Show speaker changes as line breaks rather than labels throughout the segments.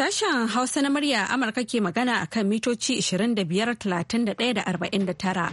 Sashen Hausa na murya Amurka ke magana a kan mitoci 25, 31 da 49.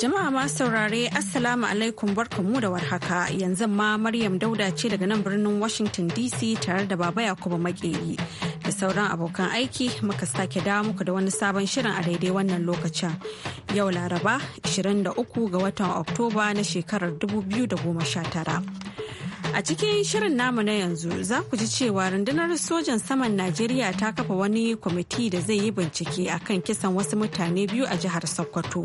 Jama'a ma saurare Assalamu alaikum barkanmu da warhaka yanzu ma Maryam Dauda ce daga nan birnin Washington DC tare da Baba Yakubu Makeri da sauran abokan aiki muka sake dawo muku da wani sabon shirin a daidai wannan lokacin. Yau Laraba 23 ga watan Oktoba na shekarar 2019. A cikin shirin namu na yanzu za ku ji cewa rundunar sojan saman Najeriya ta kafa wani kwamiti da zai yi bincike akan kisan wasu mutane biyu a jihar Sokoto.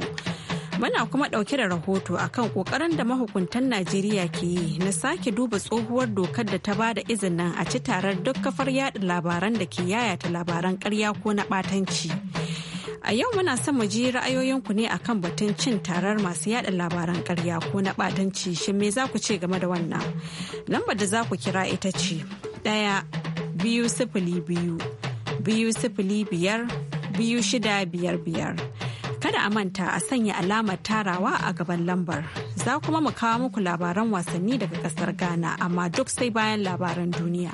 Muna kuma ɗauke da rahoto akan ƙoƙarin da mahukuntan Najeriya ke yi na sake duba tsohuwar dokar da ta ba da izinin a ci tarar duk kafar yaɗa labaran da ke yayata labaran ƙarya ko na ɓatanci. A yau muna son mu ji ra'ayoyinku ne akan batun cin tarar masu yaɗa labaran ƙarya ko na ɓatanci shin me za ku ce game da wannan? Lambar da za ku kira ita ce ɗaya biyu sifili biyu biyu sifili biyar biyu shida biyar biyar. Kada a manta a sanya alamar tarawa a gaban lambar. Za kuma mu kawo muku labaran wasanni daga kasar Ghana amma duk sai bayan labaran duniya.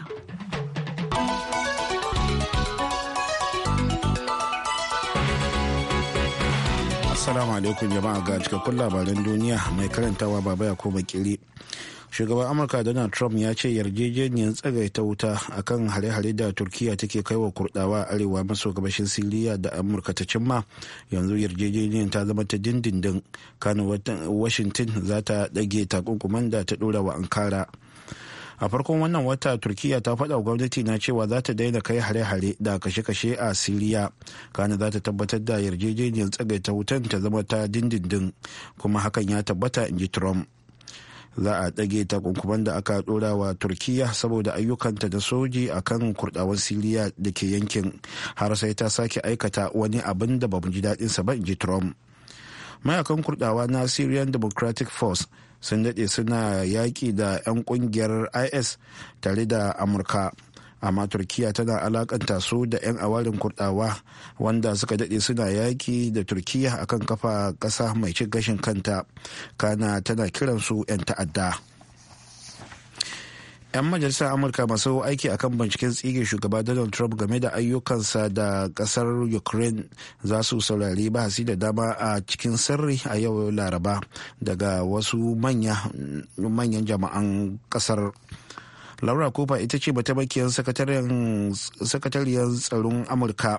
Assalamu alaikum jama'a ga cikakkun labaran duniya mai karantawa baba ya koma kiri. shugaban amurka donald trump ya ce yarjejeniyar tsagaita wuta akan hare-hare da turkiya take kai wa kurdawa arewa maso gabashin siriya da amurka ta cimma yanzu yarjejeniyar ta zama ta dindindin kano washington za ta ɗage takunkuman da ta ɗora wa ankara a farkon wannan wata turkiya ta faɗa wa gwamnati na cewa za ta daina kai hare-hare da kashe-kashe a siriya kana za ta tabbatar da yarjejeniyar tsagaita wutan ta zama ta dindindin kuma hakan ya tabbata in ji trump za a ɗage takunkuman da aka ɗora wa turkiya saboda ayyukanta da soji a kan kurɗawan siriya da ke yankin har sai ta sake aikata wani abin da bamu ji daɗinsa ba in ji trump mayakan kurɗawa na syrian democratic force sun daɗe suna yaƙi da 'yan ƙungiyar is tare da amurka amma turkiya tana alakanta su da 'yan awarin kurdawa wanda suka dade suna yaki da turkiya akan kafa ƙasa mai cin gashin kanta kana tana kiransu 'yan ta'adda 'yan majalisar amurka masu aiki akan binciken tsige shugaba donald trump game da ayyukansa da kasar ukraine za su saurari bahasi da dama a cikin sirri a yau laraba daga wasu manyan jama'an kasar laura kofa ita ce mataimakiyar sakatariyar tsaron amurka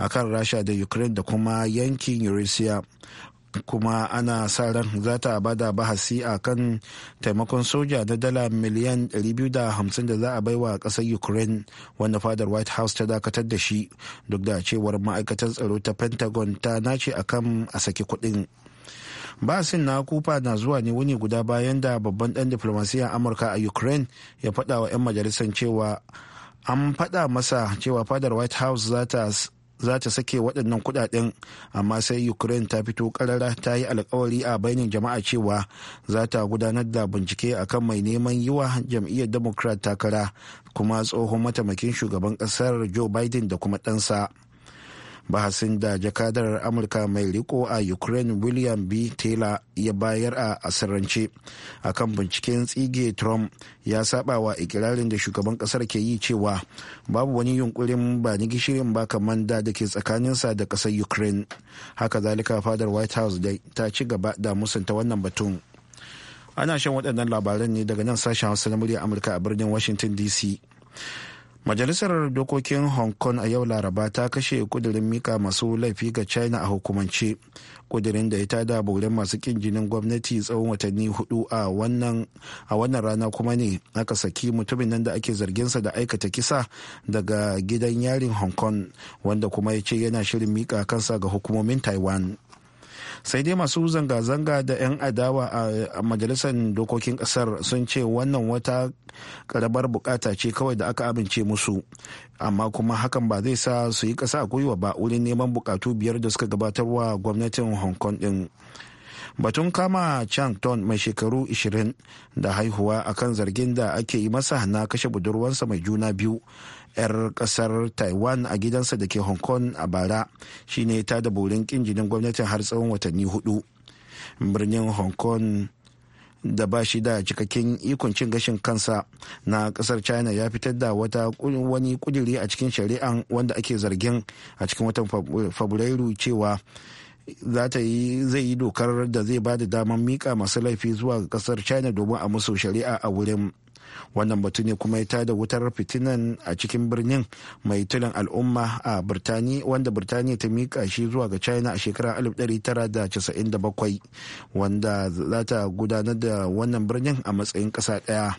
a kan rasha da ukraine da kuma yankin eurasia kuma ana sa ran za ta bada bahasi a kan taimakon soja na dala miliyan 250 da za a baiwa kasar ukraine wanda fadar white house ta dakatar da shi duk da cewar ma'aikatar tsaro ta pentagon ta nace akan a saki kudin. basin na kufa na zuwa ne wuni guda bayan da babban dan diplomasiya amurka a ukraine ya faɗa wa 'yan majalisar cewa an faɗa masa cewa fadar white house za ta sake waɗannan kudaden amma sai ukraine ta fito ƙarara ta yi alkawari a bainin jama'a cewa za ta gudanar da bincike akan mai neman yiwa jam'iyyar democrat takara kuma tsohon mataimakin shugaban ƙasar joe biden da kuma ɗansa. bahasin da jakadar amurka mai riko a ukraine william b taylor ya bayar a asirance kan binciken tsige trump ya saba wa ikirarin da shugaban kasar ke yi cewa babu wani yunkurin ba ni gishirin ba kamar da da ke tsakaninsa da kasar ukraine haka zalika fadar white house ta ci gaba da musanta wannan batun ana shan waɗannan labaran ne daga nan sashen hausa na murya amurka a birnin washington dc majalisar dokokin hong kong a yau laraba ta kashe kudirin mika masu laifi ga china a hukumance kudirin da ya tada bauren masu kin jinin gwamnati tsawon watanni hudu a wannan a wannan rana kuma ne aka saki mutumin nan da ake zarginsa da aikata kisa daga gidan yarin hong kong wanda kuma ya ce yana shirin mika kansa ga hukumomin taiwan sai dai masu zanga-zanga da 'yan adawa a majalisar dokokin kasar sun ce wannan wata karabar bukata ce kawai da aka amince musu amma kuma hakan ba zai sa su yi kasa a gwiwa ba wurin neman bukatu biyar da suka gabatarwa gwamnatin hong kong din batun kama chang ton mai shekaru 20 da haihuwa akan zargin da ake yi masa na kashe budurwansa mai juna biyu 'yar kasar taiwan a gidansa da ke hong kong a bara shine ta da burin kin jinin gwamnatin har tsawon watanni hudu birnin hong kong da ba shi da cikakken ikon cin gashin kansa na kasar china ya fitar da wata wani kudiri a cikin shari'an wanda ake zargin a cikin watan fabrairu cewa za yi zai yi dokar da zai ba da damar mika masu laifi zuwa kasar china domin a musu shari'a a wurin wannan batu ne kuma ya da wutar fitinan a cikin birnin mai tulin al'umma a birtani wanda birtani ta mika shi zuwa ga china a shekarar 1997 wanda za ta gudanar da wannan birnin a matsayin ƙasa ɗaya.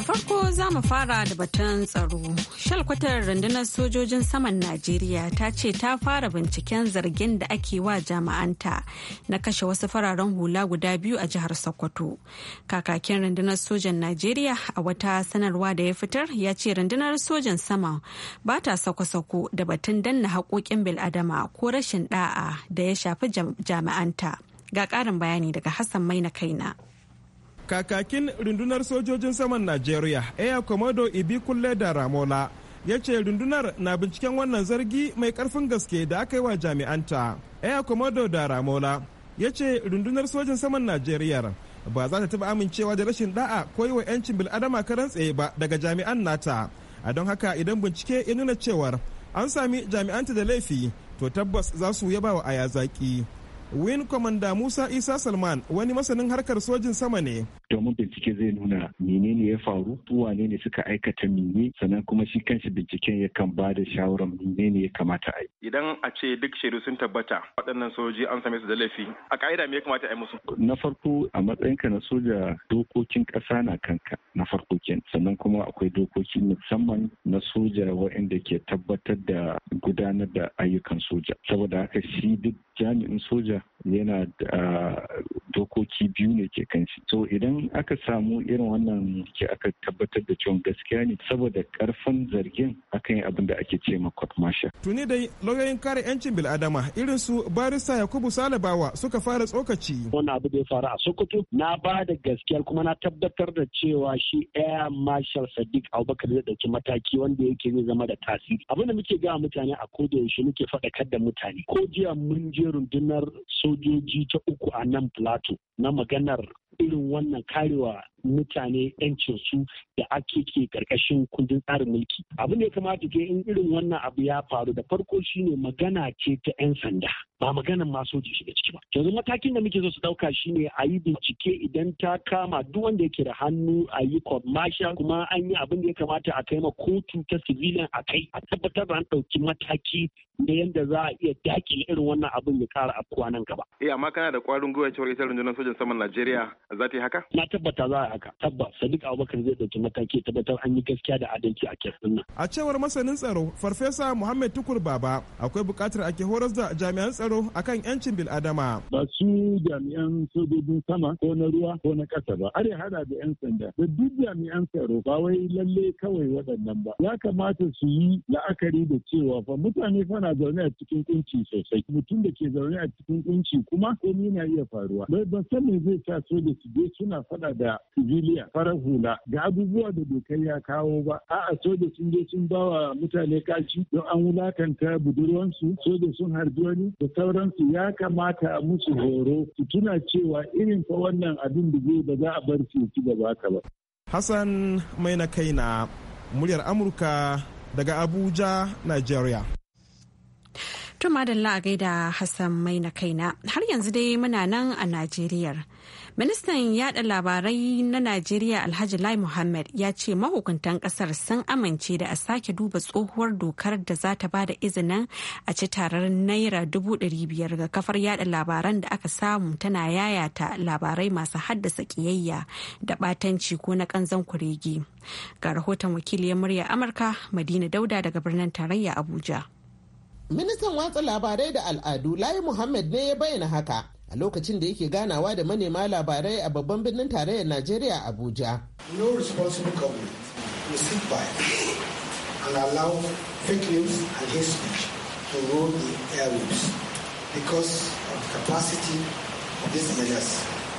Da farko za mu fara da batun tsaro. Shalkwatar rundunar sojojin saman Najeriya ta ce ta fara binciken zargin da ake wa jama'anta na kashe wasu fararen hula guda biyu a jihar Sokoto. Kakakin rundunar sojan Najeriya a wata sanarwa da ya fitar ya ce rundunar sojan sama ba ta sako-sako da batun danna haƙoƙin bil'adama ko rashin ɗa'a da ya shafi jama'anta. Ga ƙarin bayani daga Hassan Mai na kaina.
kakakin rundunar sojojin saman najeriya air komodo ibi kulle da ramola ya ce rundunar na binciken wannan zargi mai karfin gaske da aka yi wa jami'anta air komodo da ramola ya ce rundunar sojin saman najeriya ba za ta taba amincewa da rashin da'a ko yi wa 'yancin bil'adama karan tsaye ba daga jami'an nata a don haka idan bincike ya nuna cewar an sami jami'anta da laifi to tabbas za su yaba wa aya zaki Win Kwamanda Musa Isa Salman wani masanin harkar sojin sama ne. Domin
bincike zai nuna menene ya faru, wane ne suka aikata mene, sannan kuma shi kanshi binciken yakan ba da shawarar menene ya kamata a yi.
Idan a ce duk shaidu sun tabbata waɗannan soji an same su da laifi, a ka'ida me ya kamata a yi musu?
Na farko a matsayinka na soja dokokin ƙasa na kanka na farko kenan, sannan kuma akwai dokoki musamman na soja waɗanda ke tabbatar da gudanar da ayyukan soja. Saboda haka shi duk jami'in soja you. yana da dokoki biyu ne ke kan so idan aka samu irin wannan ke aka tabbatar da cewa gaskiya ne saboda karfin zargin akan yi abin da ake ce ma court martial
tuni dai lauyoyin kare yancin bil'adama irin su barista yakubu salabawa suka fara tsokaci wannan abu da ya faru a sokoto na ba da gaskiya kuma na tabbatar da cewa shi air
marshal sadiq abubakar zai dauki mataki wanda yake zai zama da tasiri abin da muke gaya mutane a koda yaushe muke faɗakar da mutane ko jiya mun je rundunar so sojoji ta uku a nan plateau na maganar irin wannan karewa mutane yancin su da ake ke karkashin kundin tsarin mulki abin da ya kamata ke in irin wannan abu ya faru da farko shine magana ce ta 'yan sanda ba maganan ma soji shiga ciki ba yanzu matakin da muke so su dauka shine a yi bincike idan ta kama duk wanda yake da hannu a yi kwamasha. kuma an yi abin da ya kamata a kai ma kotu ta civilian a kai a tabbatar da an dauki mataki na yadda za a iya dakile irin wannan abin ya kara afkuwa nan gaba
eh amma kana da kwarin gwiwa cewa ita rundunar sojan saman Najeriya za ta yi haka na tabbata za a haka tabbas sadiq abubakar zai dauki mataki tabbatar an yi gaskiya da adalci a kesin nan a cewar masanin tsaro farfesa muhammad tukur baba akwai bukatar ake horas da jami'an tsaro akan yancin bil'adama ba su jami'an sojojin sama ko na ruwa ko na ƙasa ba are hada da yan sanda da duk jami'an tsaro
ba wai lalle kawai waɗannan ba ya kamata su yi la'akari da cewa fa mutane fana zaune a cikin kunci sosai mutum da ke zaune a cikin kunci kuma komai na iya faruwa ban san me zai sa da su je suna faɗa da civiliya farar hula ga abubuwa da dokai ya kawo ba a'a soja sun je sun bawa mutane kashi don an wulakanta budurwansu soja sun harbi wani da sauransu ya kamata musu horo su tuna
cewa irin fa wannan abin da zai ba za a bar su ci gaba ka ba. Hassan mai na kai na muryar Amurka daga Abuja, Nigeria.
To madalla a gaida Hassan mai na kaina har yanzu dai muna nan a Najeriya. Ministan yada labarai na Najeriya Alhaji Lai Muhammad ya ce mahukuntan kasar sun amince da a sake duba tsohuwar dokar da za ta ba izinin a ci tarar naira dubu ɗari biyar ga kafar yada labaran da aka samu tana yayata labarai masu haddasa kiyayya da batanci ko na ƙanzan kurege. Ga rahoton wakiliyar murya Amurka Madina Dauda daga birnin tarayya Abuja.
Ministan watsa labarai da al'adu Layi Muhammad ne ya bayyana haka a lokacin da yake ganawa da manema labarai a babban birnin tarayyar Najeriya Abuja.
No responsible government will sit by and allow and to rule the airwaves because of the capacity of these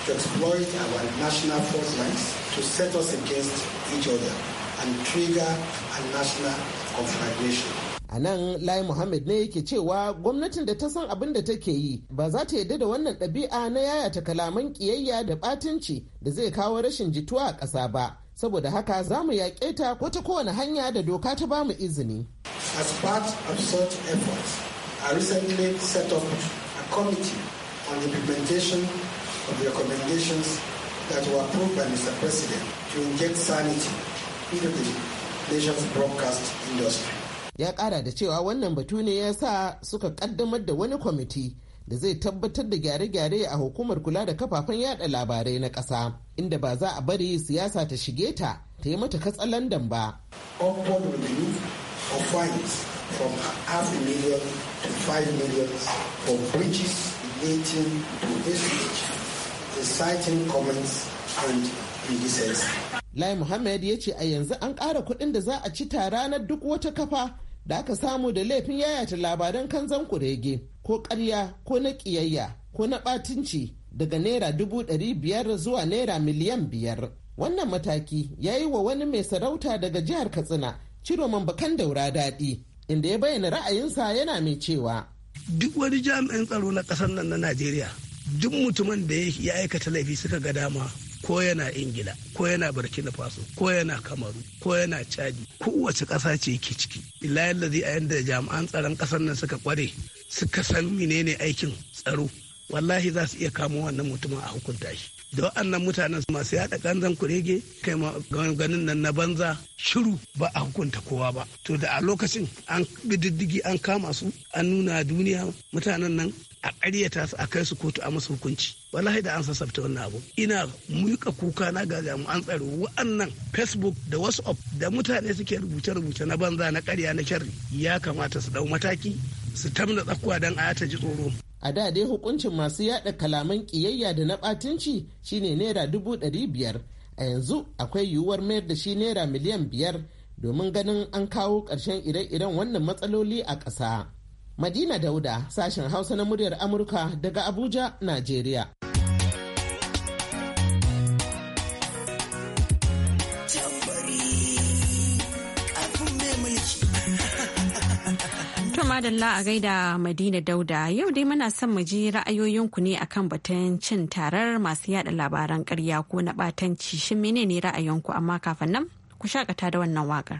to exploit our national force lines to set us against each other and trigger a national conflagration.
a nan lai muhammad ne yake cewa gwamnatin da ta san abin da take yi ba za ta yarda da wannan ɗabi'a na yayata kalaman ƙiyayya da ɓatanci da zai kawo rashin jituwa a ƙasa ba saboda haka za mu yaƙe ta ko kowane hanya da doka ta ba mu izini as part of such
efforts i recently set up a committee on implementation of recommendations that were approved by mr president to inject sanity into the nation's broadcast industry
ya kara da cewa wannan batu ne ya sa suka kaddamar da wani kwamiti da zai tabbatar da gyare-gyare a hukumar kula da kafafen yada labarai na ƙasa inda ba za a bari siyasa ta shige ta ta yi mata katsalandan ba.
inciting comments and
Lai Muhammad ya ce a yanzu an ƙara kuɗin da za a ci tara na duk wata kafa da aka samu da laifin yayata labaran kanzan kurege ko karya ko na ƙiyayya ko na ɓatinci daga naira dubu ɗari biyar zuwa naira miliyan biyar. Wannan mataki ya yi wa wani mai sarauta daga jihar Katsina Ciroman Bakan Daura daɗi inda ya bayyana ra'ayinsa yana mai cewa. Duk wani jami'in tsaro na ƙasar nan na Najeriya duk mutumin da ya aikata laifi suka ga dama ko yana ingila ko yana burkina faso ko yana kamaru ko yana chadi kowace ƙasa ce yake ciki illa zai a yadda jami'an tsaron ƙasar nan suka kware suka san menene aikin tsaro wallahi za su iya kamo wannan mutumin a hukunta shi da waɗannan mutanen masu yaɗa kanzan kurege kai ganin nan na banza shiru ba a hukunta kowa ba to da a lokacin an bi diddigi an kama su an nuna duniya mutanen nan a ƙaryata su a kai su kotu a masu hukunci wallahi da an sassafta wannan abu ina muka kuka na ga an tsaro wa'annan facebook da whatsapp da mutane suke rubuce-rubuce na banza na ƙarya na kyar ya kamata su dau mataki su tamna tsakuwa don a ta ji tsoro a da dai hukuncin masu yada kalaman kiyayya da na batinci shine naira dubu ɗari biyar a yanzu akwai yiwuwar mayar da shi naira miliyan biyar domin ganin an kawo ƙarshen ire-iren wannan matsaloli a ƙasa madina dauda sashen hausa na muryar amurka daga abuja najeriya
madalla a gaida Madina Dauda yau dai muna son mu ji ra'ayoyinku ne akan batun cin tarar masu yada labaran karya ko na batanci shin menene ra'ayinku amma kafin nan ku shakata da wannan wakar.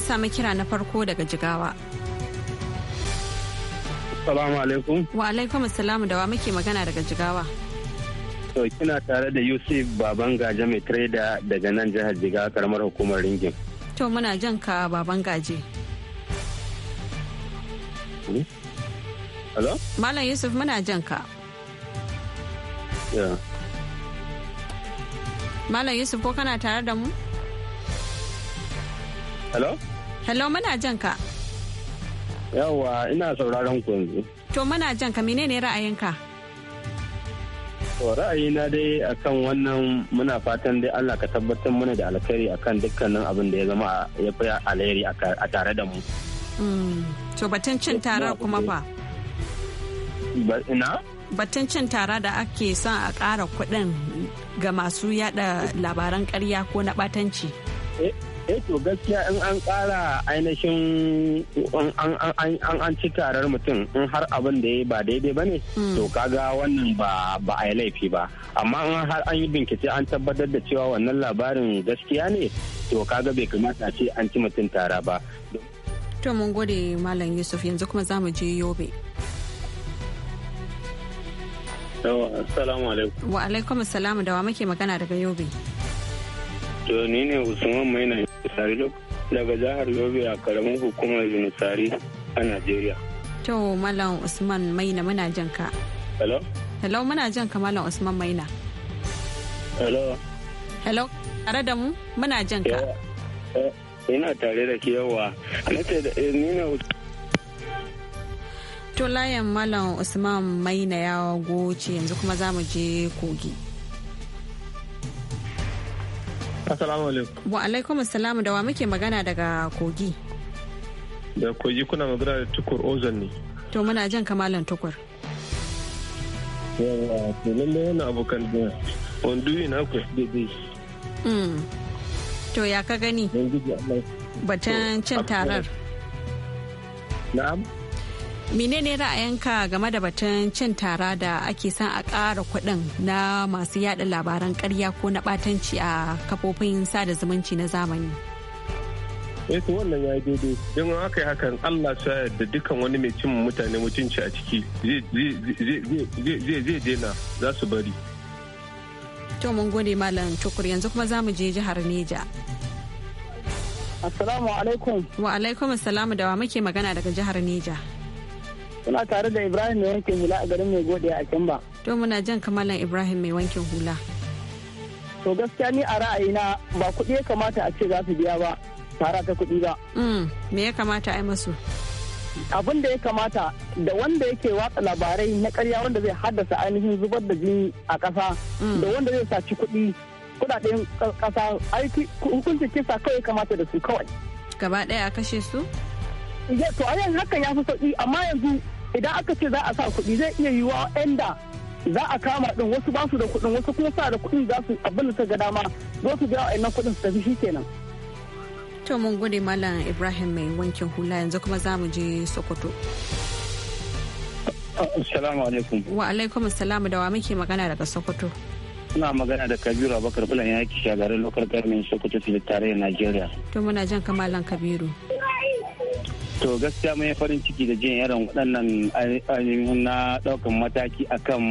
mun sami kira na farko daga jigawa.
Salamu alaikum.
Wa alaikum salamu da wa muke magana daga jigawa.
To kina tare da Yusuf Baban Gaje mai trader daga nan jihar Jigawa karamar hukumar Ringin.
To muna jan ka Baban Gaje. Hmm? Hello? Malam Yusuf muna jan ka. Yeah. Malam Yusuf ko kana tare da mu? Hello? Hello muna jan ka.
Yawwa ina sauraron ku yanzu.
To muna jan ka menene ra'ayinka?
To ra'ayina dai akan wannan muna fatan dai Allah ka tabbatar mana da alkhairi akan dukkanin abin da ya zama ya fi alheri a tare da mu.
Hmm, to batun cin tara kuma ba. Ina? Batun cin tara da ake son a ƙara kuɗin ga masu yada labaran ƙarya ko na ɓatanci.
Eh, Eh, to gaskiya in an kara ainihin an ci tarar mutum in har abin da ya ba daidai hmm. ba ne to kaga wannan ba a yi laifi ba amma in har an yi bincike an tabbatar da cewa wannan labarin gaskiya ne to kaga bai kamata ce an ci mutum tara ba.
To mun gode Malam Yusuf yanzu kuma za mu je Yobe. Wa alaikum salamu da wa muke magana daga Yobe.
To ni ne Usman Maina. Sari daga jihar Yobe a karamin hukumar Yunusari a Najeriya.
To Malam Usman Maina muna jan ka. Hello? Hello muna jan ka Malam Usman Maina. Hello? Hello? Tare da mu muna jan ka.
Eh, eh, ina tare da ke yawa. Nace eh,
To layan Malam Usman Maina ya goce yanzu kuma za mu je kogi.
Assalamu
alaikum.
Wa alaikum assalam da wa muke magana daga Kogi.
Da Kogi kuna magana da Tukur Ozan ne.
To muna jan kamalan Tukur.
Yawa, to lallai yana abokan da wanduyi na ku daidai.
Hmm. To ya ka gani? Batan cin tarar. Na'am. menene ra'ayinka game da batun cin tara da ake son a ƙara kuɗin na masu yada labaran ƙarya ko na ɓatanci a kafofin sada zumunci na zamani
eh to wannan ya daidai don aka
yi hakan Allah sa da dukkan wani mai cin mutane mutunci a ciki zai dena za su bari
to mun gode malam tukur yanzu kuma za mu je jihar Neja Assalamu alaikum. Wa alaikum assalamu da wa muke magana daga jihar Neja. Kuna tare da Ibrahim mai wankin hula a garin mai gode a can ba. To muna jan kamalan Ibrahim mai wankin hula. To gaskiya ni a
ra'ayina ba kuɗi ya kamata a ce za su biya ba tara ta kuɗi ba.
Mm, me ya kamata a yi masu? Abin da ya kamata da wanda yake watsa labarai na karya wanda
zai haddasa ainihin zubar da jini a ƙasa mm. da wanda zai saci kuɗi kuɗaɗen
ƙasa hukuncin kisa kawai kamata da su kawai. Gaba ɗaya a kashe su? to a yanzu hakan ya fi sauki amma yanzu idan aka ce za a sa kuɗi zai iya yiwuwa
da za a kama din wasu ba su da kuɗin wasu kuma sa da kuɗin za su abin da ta ga dama za
su biya wa'annan kuɗin su tafi kenan.
to mun gode malam ibrahim mai wankin hula yanzu kuma za mu je sokoto.
Assalamu alaikum.
Wa alaikum assalamu da wa muke magana daga Sokoto.
Ina magana da Kabiru Abubakar Bulan yaki shagarin lokal government Sokoto da tarayyar Najeriya.
To muna jan kamalan Kabiru.
to gaskiya mun farin ciki da jin irin waɗannan ainihin na ɗaukan mataki akan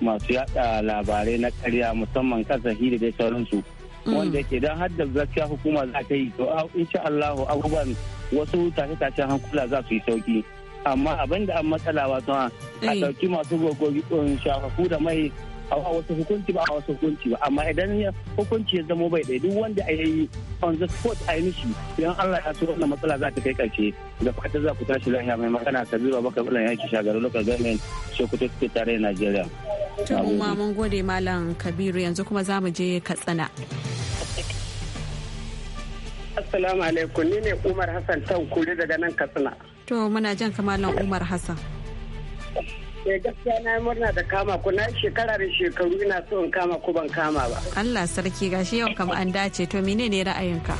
masu yada labarai na karya musamman kasahi da sauransu mm. wanda ke don hadda gaskiya hukuma za ta yi to insha Allah abubuwan wasu tashe-tashen hankula za su yi sauki amma abin da an matsala wato a eh. ɗauki masu gogogi um, shafafu da mai a wasu hukunci ba a wasu hukunci ba amma idan ya hukunci ya zama bai ɗaya duk wanda a yi on the spot a yi mishi idan Allah ya so wannan matsala za ta kai karshe da fata za ku tashi lafiya mai magana ka zuba baka bulan yaki shagaru local government Sokoto ke tare Najeriya.
To ma mun gode Malam Kabiru yanzu kuma za mu je Katsina.
Assalamu alaikum ni ne Umar Hassan Tankuri daga nan Katsina.
To muna jan kamalan Umar Hassan. Eh, gaskiya na murna
da kama ku na shekara da shekaru ina so in kama ku ban kama ba.
Allah sarki gashi yau kam an dace to menene ra'ayinka?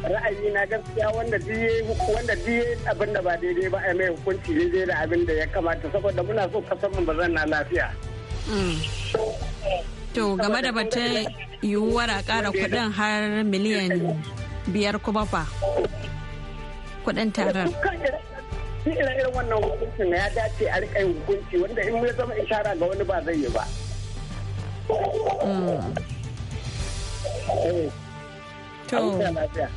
ra'ayi na gaskiya wanda diye wanda diye abin ba daidai ba a mai hukunci daidai da abin da ya kamata saboda muna so kasar mu bazan na lafiya.
Mm. To game da batun yiwuwar a kara kuɗin har miliyan biyar kuma fa kuɗin tarar.
shi ina irin wannan hukuncin ya dace a rika hukunci wanda in ya zama ishara ga wani ba zai yi ba
hmm. eh.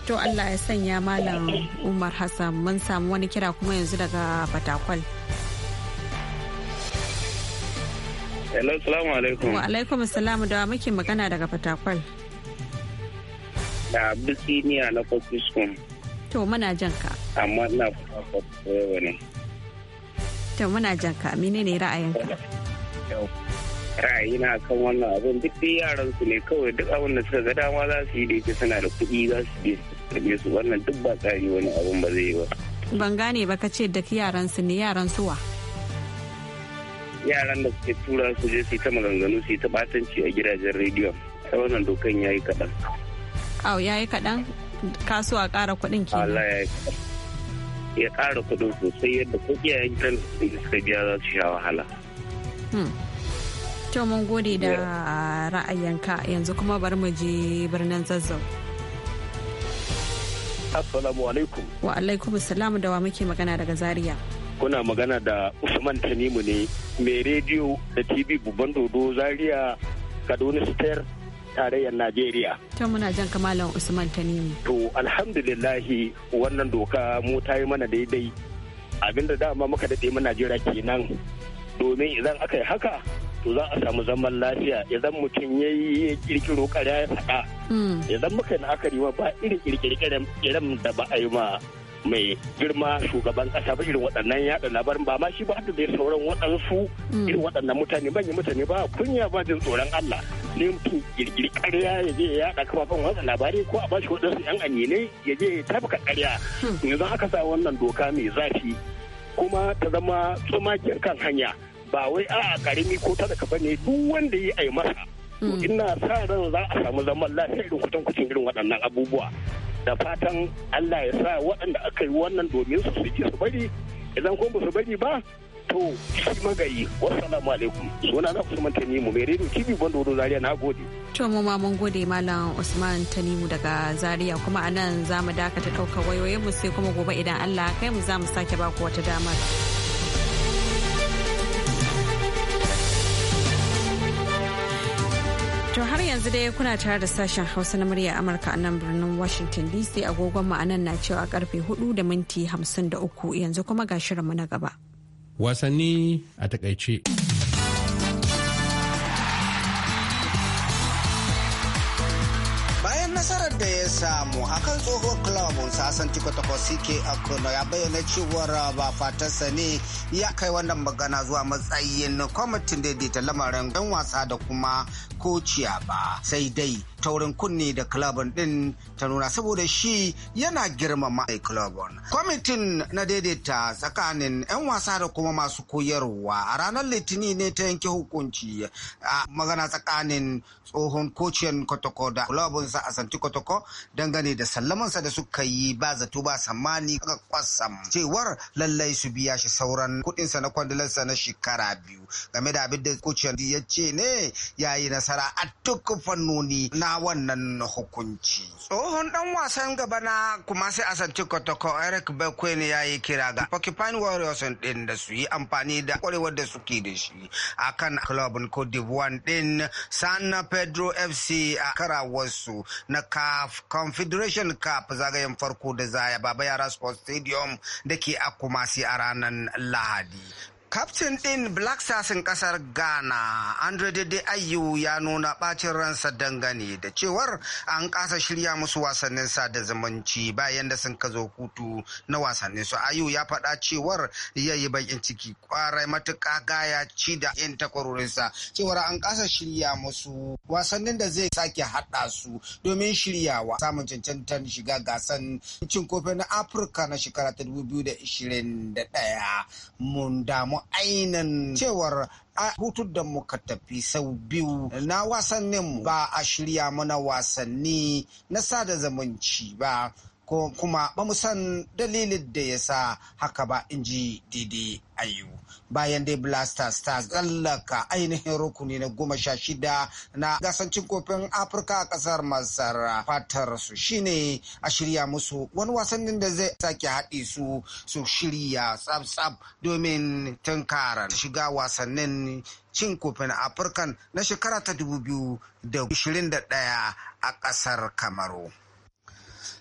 To Allah ya sanya Malam Umar Hassan mun samu wani kira kuma yanzu daga Batakwal.
Hello, salamu alaikum. Wa alaikum
salamu da muke magana daga Batakwal.
Da Abdulsiniya na Kofiskun.
To muna jan ka.
Amma ina fata wani.
To muna jan ka ne ra'ayinka?
Ra'ayina kan wannan abin duk dai yaran su ne kawai duk abin da suka ga dama za su yi da ita suna da kuɗi za su je su su wannan duk ba tsari wani abin ba zai yi ba.
Ban gane ba ka ce duk yaran su ne yaran suwa.
Yaran da suke tura su je su yi ta maganganu su yi ta batanci a gidajen rediyon. Sai wannan dokan ya yi kaɗan.
Au ya yi kaɗan? kasuwa kara kuɗin ke
ya kara kuɗin sosai yadda ko iyayen kan suka biya za su sha wahala
hmm. to mun gode da ra'ayinka yanzu kuma bar mu je birnin zazzau
assalamu alaikum
wa alaikum salam da wa muke magana daga zaria
kuna magana da usman tanimu ne mai rediyo da tv babban dodo zaria kaduna star tarayyar Najeriya.
Ta muna jan kamalan Usman Tanimu.
To alhamdulillahi wannan doka mu ta yi mana daidai abinda dama muka daɗe mu Najeriya kenan domin idan aka yi haka to za a samu zaman lafiya idan mutum ya yi ya kirkiro ƙarya ya faɗa. Hmm. Idan muka yi la'akari ma ba irin kirkire da ba a yi ma mai girma shugaban kasa ba irin waɗannan yaɗa labarin ba ma shi ba da sauran waɗansu mm. irin waɗannan mutane manyan mutane ba kunya ba jin tsoron Allah ne mutum kirkiri ƙarya ya je ya yaɗa kafafen watsa labarai ko a bashi waɗansu yan aminai ya je ya tafka ƙarya hmm. yanzu aka sa wannan doka mai zafi kuma ta zama tsumakin kan hanya ba wai a karimi ko ta daga ba ne duk wanda ya yi masa hmm. ina sa ran za a samu zaman lafiya irin kutan kucin irin waɗannan abubuwa da fatan allah ya sa waɗanda aka yi wannan domin su suke su bari idan kuma ba su bari ba to shi magayi wassalamu alaikum suna na usman tanimu mai rediyo kibi da zariya na gode
to mu ma mun gode malam usman tanimu daga zaria kuma a nan za mu dakata ɗaukar wayoyinmu sai kuma gobe idan allah kai mu za mu sake baku wata damar. To har yanzu dai kuna tare da sashen Hausa na murya Amurka a nan birnin Washington DC agogon ma'anan na cewa karfe 4 da minti 53 yanzu kuma ga shirinmu na gaba.
Wasanni a takaice.
samu akan tsohon club sasan tiko takwas CK ya bayyana cewar uh, ba fatarsa ne ya kai wannan magana zuwa matsayin kwamitin daidaita lamarin 'yan wasa da kuma kociya ba sai dai taurin kunni da kilabon din ta nuna saboda shi yana girmama a kilabon. Kwamitin na daidaita tsakanin 'yan wasa da kuma masu koyarwa a ranar litini ne ta yanke hukunci a magana tsakanin tsohon kociyan kotoko da sa a santi kotoko dangane da sallamansa da suka yi ba zato ba sammani ga kwasam cewar lallai su biya shi sauran kuɗinsa na kwandalarsa na shekara biyu game da abin da kociyan ya ce ne ya yi nasara a duk fannoni na na wannan hukunci. Tsohon dan wasan gaba na kuma sai asanci kotoko Eric Bekwene ya yi kira ga Porcupine Warriors din da su yi amfani da kwarewar da suke da shi a kan club Cote d'Ivoire din San Pedro FC a karawarsu na CAF Confederation Cup zagayen farko da zaya Baba Yara Sports Stadium da ke a Kumasi a ranar Lahadi. Kaftin ɗin Black Stars ƙasar Ghana, Andre Dede Ayu ya nuna ɓacin ransa dangane da cewar an ƙasa shirya musu wasannin da zumunci bayan da sun ka zo hutu na wasannin su. Ayu ya faɗa cewar ya yi bakin ciki ƙwarai matuƙa gaya ci da yin takwarorinsa cewar an ƙasa shirya musu wasannin da zai sake haɗa su domin shiryawa samun cancantar shiga gasan cin kofin na Afirka na shekara ta 2021. Mun damu ainan cewar a hutun da muka tafi sau biyu na wasannin ba a shirya mana wasanni na sada zumunci ba ko kuma bamu san dalilin da ya sa haka ba in ji daidai ayu bayan dai blasters ta tsallaka ainihin rukuni na goma sha shida na gasancin kofin afirka a kasar masar fatar su shine a shirya musu wani wasannin da zai sake haɗe su su shirya tsab-tsab domin tunkarar shiga wasannin cin kofin Afirka na shekara ta 2021 a kasar kamaru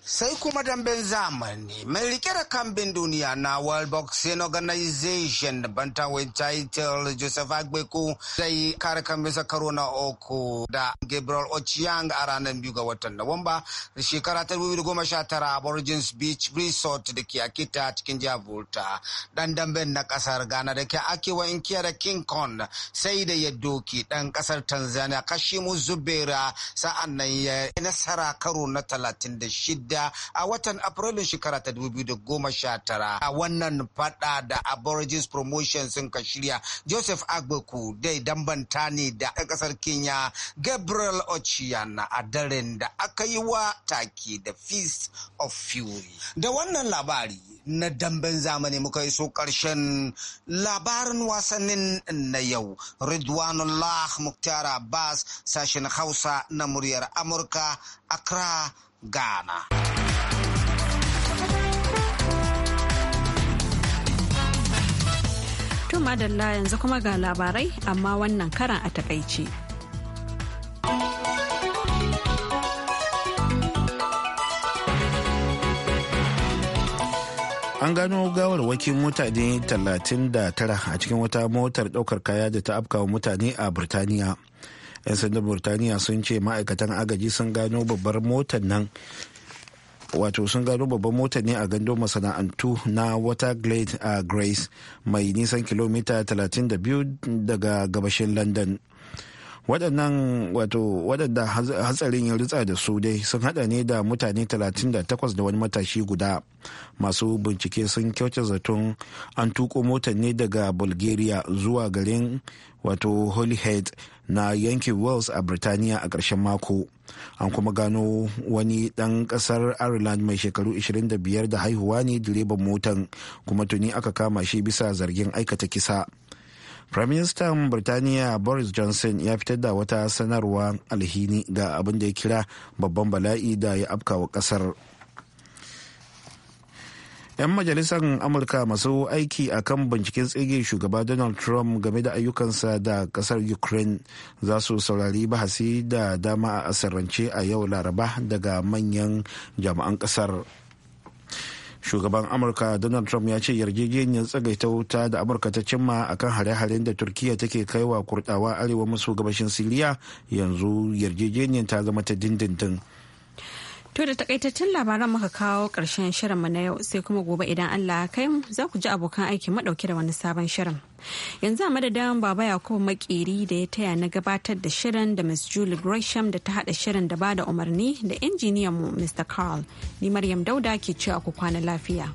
sai kuma damben zamani mai rike da kambin duniya na world boxing organization bantawai title joseph Agbeku zai kare kambinsa karo na uku da gabriel ochiang a ranar biyu ga watan nuwamba shekara ta 2019 a origins beach resort da ke akita cikin jihar volta dan damben na kasar ghana da ke akewa inkiya da king kong sai da ya doki dan kasar tanzania kashimu zubera sa'an nan ya nasara karo na 36 shida a watan Afrilun shekara ta 2019 a wannan fada da Aborigines Promotion sun ka shirya Joseph Agbeku dai dambanta ne da kasar Kenya Gabriel ochiana a daren da aka yi wa take da Feast of Fury. Da wannan labari na damben zamani muka yi so karshen labarin wasannin na yau. Ridwanullah Muktar Abbas sashen Hausa na muryar Amurka, Accra, Ghana.
To madalla yanzu kuma ga labarai amma wannan karan a takaice.
an gano gawar wakil mutane 39 a cikin wata motar daukar kaya da ta afkawa mutane a burtaniya 'yan sandan burtaniya sun ce ma'aikatan agaji sun gano babbar motar nan wato sun gano babban motar ne a gando masana'antu na waterglade a grace mai nisan kilomita 32 daga gabashin london waɗannan wato waɗanda hatsarin ya rutsa da su dai sun haɗa ne da mutane 38 da wani matashi guda masu bincike sun kyauta zaton an tuko motar ne daga bulgaria zuwa garin wato holyhead na yankin wales a birtaniya a ƙarshen mako an kuma gano wani ɗan ƙasar ireland mai shekaru 25 da haihuwa ne direban motan kuma tuni aka kama shi bisa zargin aikata kisa Firaministan Birtaniya Boris Johnson ya fitar da wata sanarwa alhini ga abin da ya kira babban bala'i da ya afkawa kasar. 'Yan majalisar Amurka masu aiki a kan binciken tsige shugaba Donald Trump game da ayyukansa da kasar Ukraine za su saurari bahasi da dama a asirrance a yau Laraba daga manyan jami'an kasar. shugaban amurka donald trump ya ce yarjejeniyar tsagaita wuta da amurka ta cimma akan hare-haren da turkiya take kai wa kurdawa arewa maso gabashin siriya yanzu yarjejeniyar ta zama ta dindindin
To da takaitaccen labaran muka kawo ƙarshen mu na yau sai kuma gobe idan Allah ya kai mu za ku ji abokan aiki madauke da wani sabon shirin. Yanzu a madadin Baba Yakubu Makeri da ya taya na gabatar da shirin da ms. Julie Gresham da ta hada shirin da ba da umarni da injiniyan mu Mr. Carl. Ni Maryam Dauda ke cewa ku kwana lafiya.